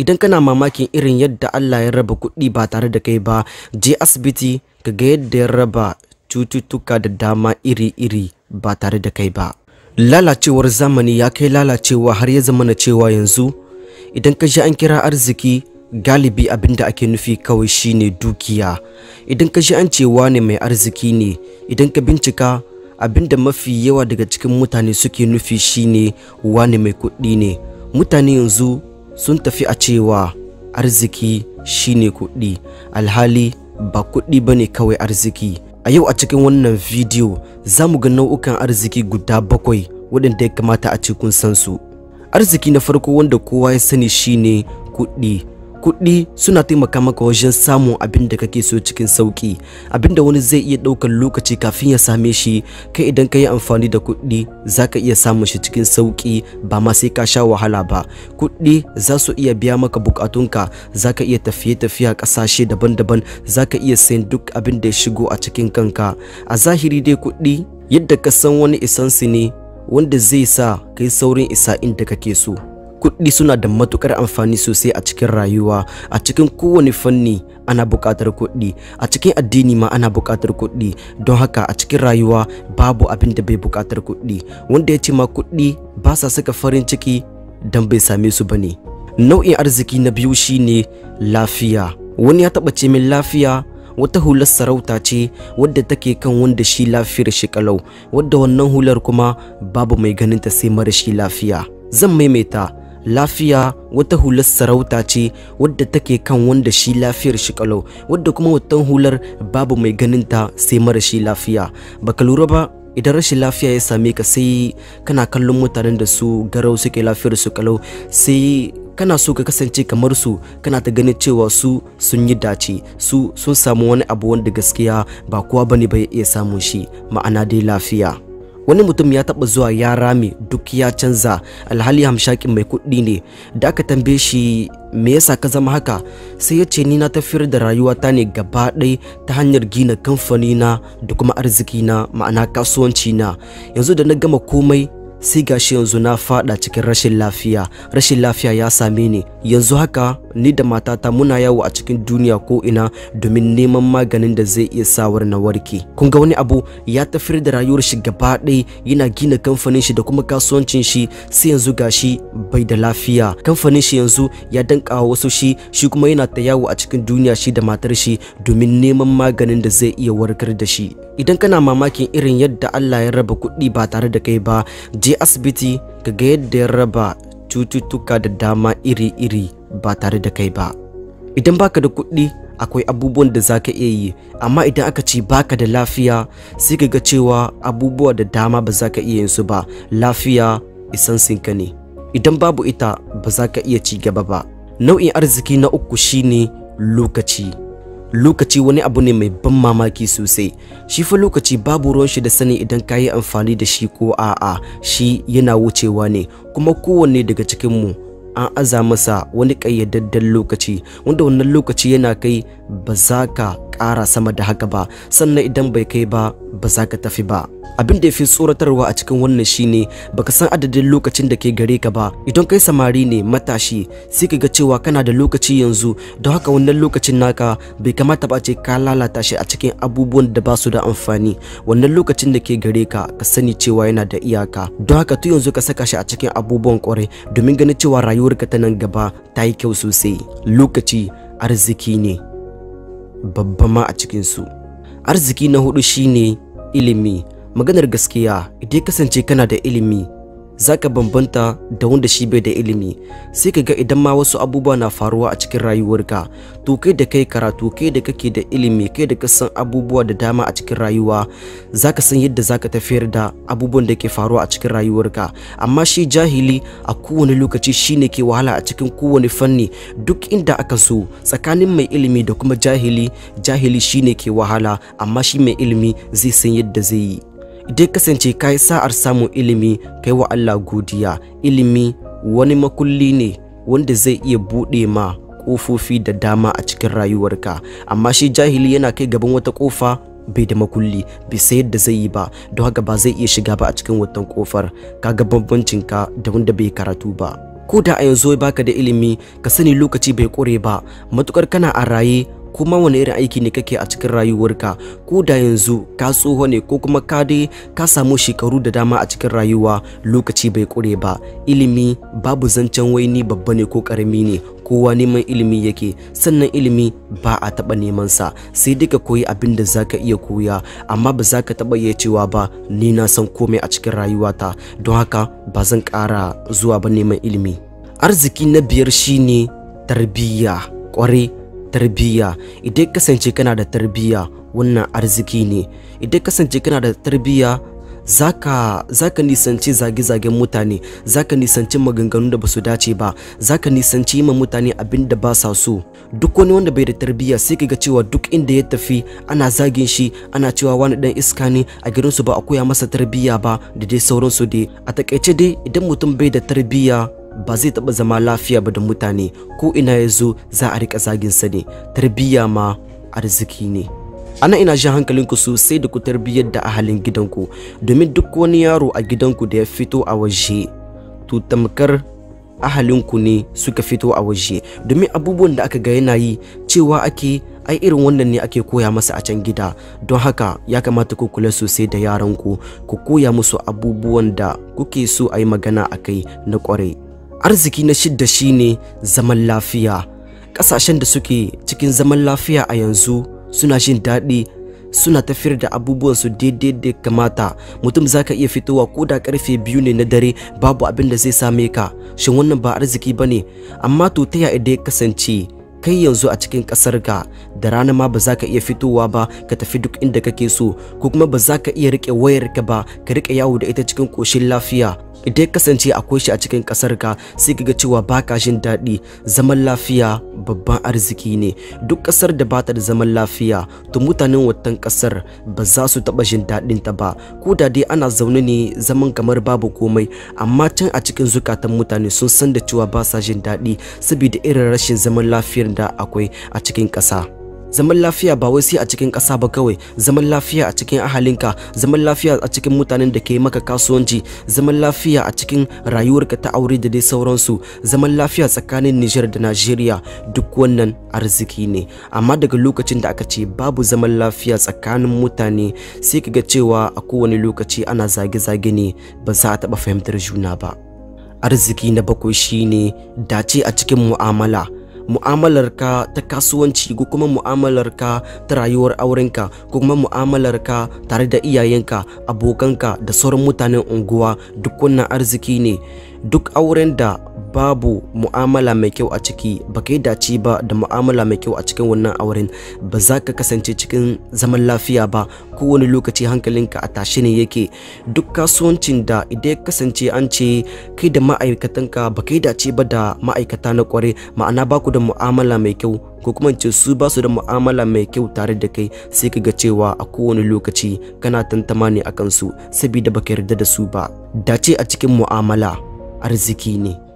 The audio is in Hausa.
idan kana mamakin irin yadda Allah ya raba kuɗi ba tare da kai ba je asibiti ka ga yadda ya raba cututtuka da dama iri-iri ba tare da kai ba lalacewar zamani ya kai lalacewa har ya zama na cewa yanzu idan ka ji an kira arziki galibi abin da ake nufi kawai shine dukiya idan ka ji an cewa ne mai arziki ne idan ka bincika abin da mafi yawa daga cikin mutane suke nufi shine wane mai kuɗi ne mutane yanzu sun tafi a cewa arziki shine kuɗi alhali ba kuɗi ba ne kawai arziki a yau a cikin wannan bidiyo za mu ga nau'ukan arziki guda bakwai waɗanda ya kamata a ce kun san su arziki na farko wanda kowa ya sani shine kuɗi kuɗi suna taimaka maka wajen samun abin da kake so cikin sauƙi abin da wani zai iya ɗaukar lokaci kafin ya same shi kai idan ka yi amfani da kuɗi za ka iya samun shi cikin sauƙi ba ma sai ka sha wahala ba kuɗi za su iya biya maka buƙatunka za ka iya tafiye tafiya ƙasashe daban-daban za ka iya sayan duk abin da ya shigo a cikin kanka a zahiri dai kuɗi yadda ka san wani isansu ne wanda zai sa kai saurin isa inda kake so kuɗi suna da matuƙar amfani sosai a cikin rayuwa a cikin kowane fanni ana buƙatar kuɗi a cikin addini ma ana buƙatar kuɗi don haka a cikin rayuwa babu abin da bai buƙatar kuɗi wanda ya ce ma kuɗi ba sa saka farin ciki don bai same su ba ne nau'in arziki na biyu shine lafiya wani ya taɓa ce min lafiya wata hular sarauta ce wadda take kan wanda shi lafiyar shi kalau wadda wannan hular kuma babu mai ganin ta sai mara shi lafiya zan maimaita lafiya wata hular sarauta ce wadda take kan wanda shi lafiyar shi kalo wadda kuma wata hular babu mai ganin ta sai mara shi lafiya baka lura ba idan rashin lafiya ya same ka sai kana kallon mutanen da su garau suke lafiyar su kalo sai kana so ka kasance kamar su kana ta ganin cewa su sun yi dace su sun samu wani abu wanda gaskiya ba kowa bane ba ya iya samun shi ma'ana dai lafiya wani mutum ya taba zuwa ya rame duk ya canza alhali hamshakin mai kuɗi ne da aka tambaye shi me yasa ka zama haka sai ya ce ni na tafiyar da rayuwata ne gaba ɗaya ta hanyar gina kamfani na da kuma arziki na ma'ana kasuwanci na yanzu da na gama komai sai gashi yanzu na fada cikin rashin lafiya rashin lafiya ya same ni yanzu haka ni da matata muna yawo a cikin duniya ko ina domin neman maganin da zai iya sawar na warke kun ga wani abu ya tafiyar da rayuwar shi gaba ɗaya yana gina kamfanin shi da kuma kasuwancin shi sai yanzu gashi bai da lafiya kamfanin shi yanzu ya danka wasu shi shi kuma yana ta yawo a cikin duniya shi da matar shi domin neman maganin da zai iya warkar da shi idan kana mamakin irin yadda Allah ya raba kuɗi ba tare da kai ba je je asibiti ka ga yadda ya raba cututtuka da dama iri-iri ba tare da kai ba idan baka da kuɗi akwai abubuwan da za ka iya yi amma idan aka ce baka da lafiya sai ka ga cewa abubuwa da dama ba za ka iya yin su ba lafiya isan sinka ne idan babu ita ba za ka iya ci gaba ba nau'in arziki na uku shine lokaci lokaci wani abu ne mai ban mamaki sosai shi fa lokaci babu ruwan shi da sani idan kayi amfani da shi ko a'a shi yana wucewa ne kuma kowanne daga cikin mu an aza masa wani kayyadaddan lokaci wanda wannan lokaci yana kai ba ka kara sama da haka ba sannan idan bai kai ba ba za ka tafi ba abin da ya fi tsoratarwa a cikin wannan shine baka san adadin lokacin da ke gare ka ba idan kai samari ne matashi sai ka ga cewa kana da lokaci yanzu don haka wannan lokacin naka bai kamata ba ce ka lalata shi a cikin abubuwan da ba su da amfani wannan lokacin da ke gare ka ka sani cewa yana da iyaka don haka tu yanzu ka saka shi a cikin abubuwan kwarai domin ganin cewa rayuwarka ta nan gaba ta yi kyau sosai lokaci arziki ne babba ma a cikin su. arziki na hudu shine ilimi maganar gaskiya idan kasance kana da ilimi zaka bambanta da wanda shi bai da ilimi sai ka ga idan ma wasu abubuwa na faruwa a cikin rayuwarka to kai da kai karatu kai da kake da ilimi kai da kasan abubuwa da dama a cikin rayuwa zaka san yadda zaka tafiyar da abubuwan da ke faruwa a cikin rayuwarka amma shi jahili a kowane lokaci shine ke wahala a cikin kowane fanni duk inda aka so tsakanin mai ilimi da kuma jahili jahili shine ke wahala amma shi mai ilimi zai san yadda zai yi dai kasance kai sa'ar samun ilimi kai wa Allah godiya ilimi wani makulli ne wanda zai iya buɗe ma ƙofofi da dama a cikin rayuwarka amma shi jahili yana kai gaban wata ƙofa bai da makulli bai sai yadda zai yi ba don haka ba zai iya shiga ba a cikin watan kofar kaga bambancin ka da wanda bai karatu ba ko da a yanzu baka da ilimi ka sani lokaci bai kure ba matukar kana a raye kuma wani irin aiki ne kake a cikin rayuwarka ko da yanzu ka tsoho ne ko kuma ka dai ka samu shekaru da dama a cikin rayuwa lokaci bai kure ba ilimi babu zancen wai ni babba ne ko karami ne kowa neman ilimi yake sannan ilimi ba a taba neman sa sai dai koyi abin da zaka iya koya amma ba za ka taɓa iya cewa ba ni na san komai a cikin rayuwata don haka ba zan kara zuwa ba neman ilimi arziki na biyar shine tarbiyya kwarai Tarbiya idan kasance kana da tarbiya wannan arziki ne idan kasance kana da tarbiya zaka zaka nisanci zage-zagen mutane zaka nisanci maganganu da basu dace ba zaka nisanci ma mutane abin da ba sa so duk wani wanda bai da tarbiya sai kaga cewa duk inda ya tafi ana zagin shi ana cewa wani dan iska ne a gidansu ba a koya masa tarbiya ba da dai sauransu dai a takaice dai idan mutum bai da tarbiya. ba zai taɓa zama lafiya ba da mutane ko ina ya zo za a rika zagin sa ne tarbiyya ma arziki ne ana ina jin hankalinku sosai da ku tarbiyyar da ahalin gidanku domin duk wani yaro a gidanku da ya fito a waje to tamkar ku ne suka fito a waje domin abubuwan da aka ga yana yi cewa ake ai irin wannan ne ake koya masa a can gida don haka ya kamata ku kula sosai da yaranku ku koya musu abubuwan da kuke so ayi magana akai na kwarai arziki na shidda shine zaman lafiya ƙasashen da suke cikin zaman lafiya a yanzu suna jin daɗi suna tafiyar da abubuwansu daidai da kamata mutum zaka iya fitowa ko da karfe biyu ne na dare babu abin da zai same ka shin wannan ba arziki bane amma to ta idan ya kasance kai yanzu a cikin kasar ka da rana ma ba za ka iya fitowa ba ka tafi duk inda kake so ko kuma ba za ka iya rike wayar ka ba ka rike yawo da ita cikin koshin lafiya idan kasance akwai shi a cikin kasar ka sai kaga cewa baka jin daɗi zaman lafiya babban arziki ne duk kasar da bata da zaman lafiya to mutanen watan kasar ba za su taɓa jin daɗin ta ba ko da dai ana zaune ne zaman kamar babu komai amma can a cikin zukatan mutane sun san da cewa ba sa jin daɗi saboda irin rashin zaman lafiyar da akwai a cikin ƙasa. zaman lafiya ba wai sai a cikin ƙasa ba kawai zaman lafiya a cikin ahalinka zaman lafiya a cikin mutanen da ke maka kasuwanci zaman lafiya a cikin rayuwarka ta aure da dai sauransu zaman lafiya tsakanin Nijar da Najeriya duk wannan arziki ne amma daga lokacin da aka ce babu zaman lafiya tsakanin mutane sai kaga cewa a kowane lokaci ana zage-zage ne ba za a taɓa fahimtar juna ba arziki na bakwai shine dace a cikin mu'amala mu'amalarka ta kasuwanci ko kuma mu'amalarka ta rayuwar aurenka ko kuma mu'amalarka tare da iyayenka abokanka da sauran mutanen unguwa duk wannan arziki ne duk auren da babu mu'amala mai kyau a ciki ba ka dace ba da mu'amala mai kyau a cikin wannan auren ba za ka kasance cikin zaman lafiya ba kowane lokaci hankalinka a tashi ne yake duk kasuwancin da idan ya kasance an ce kai da ma'aikatanka ba ka dace ba da ma'aikata na kware ma'ana ba ku da mu'amala mai kyau ko kuma ce su ba su da mu'amala mai kyau tare da kai sai ka ga cewa a kowane lokaci kana tantama ne akan su saboda baka yarda da su ba dace a cikin mu'amala arziki ne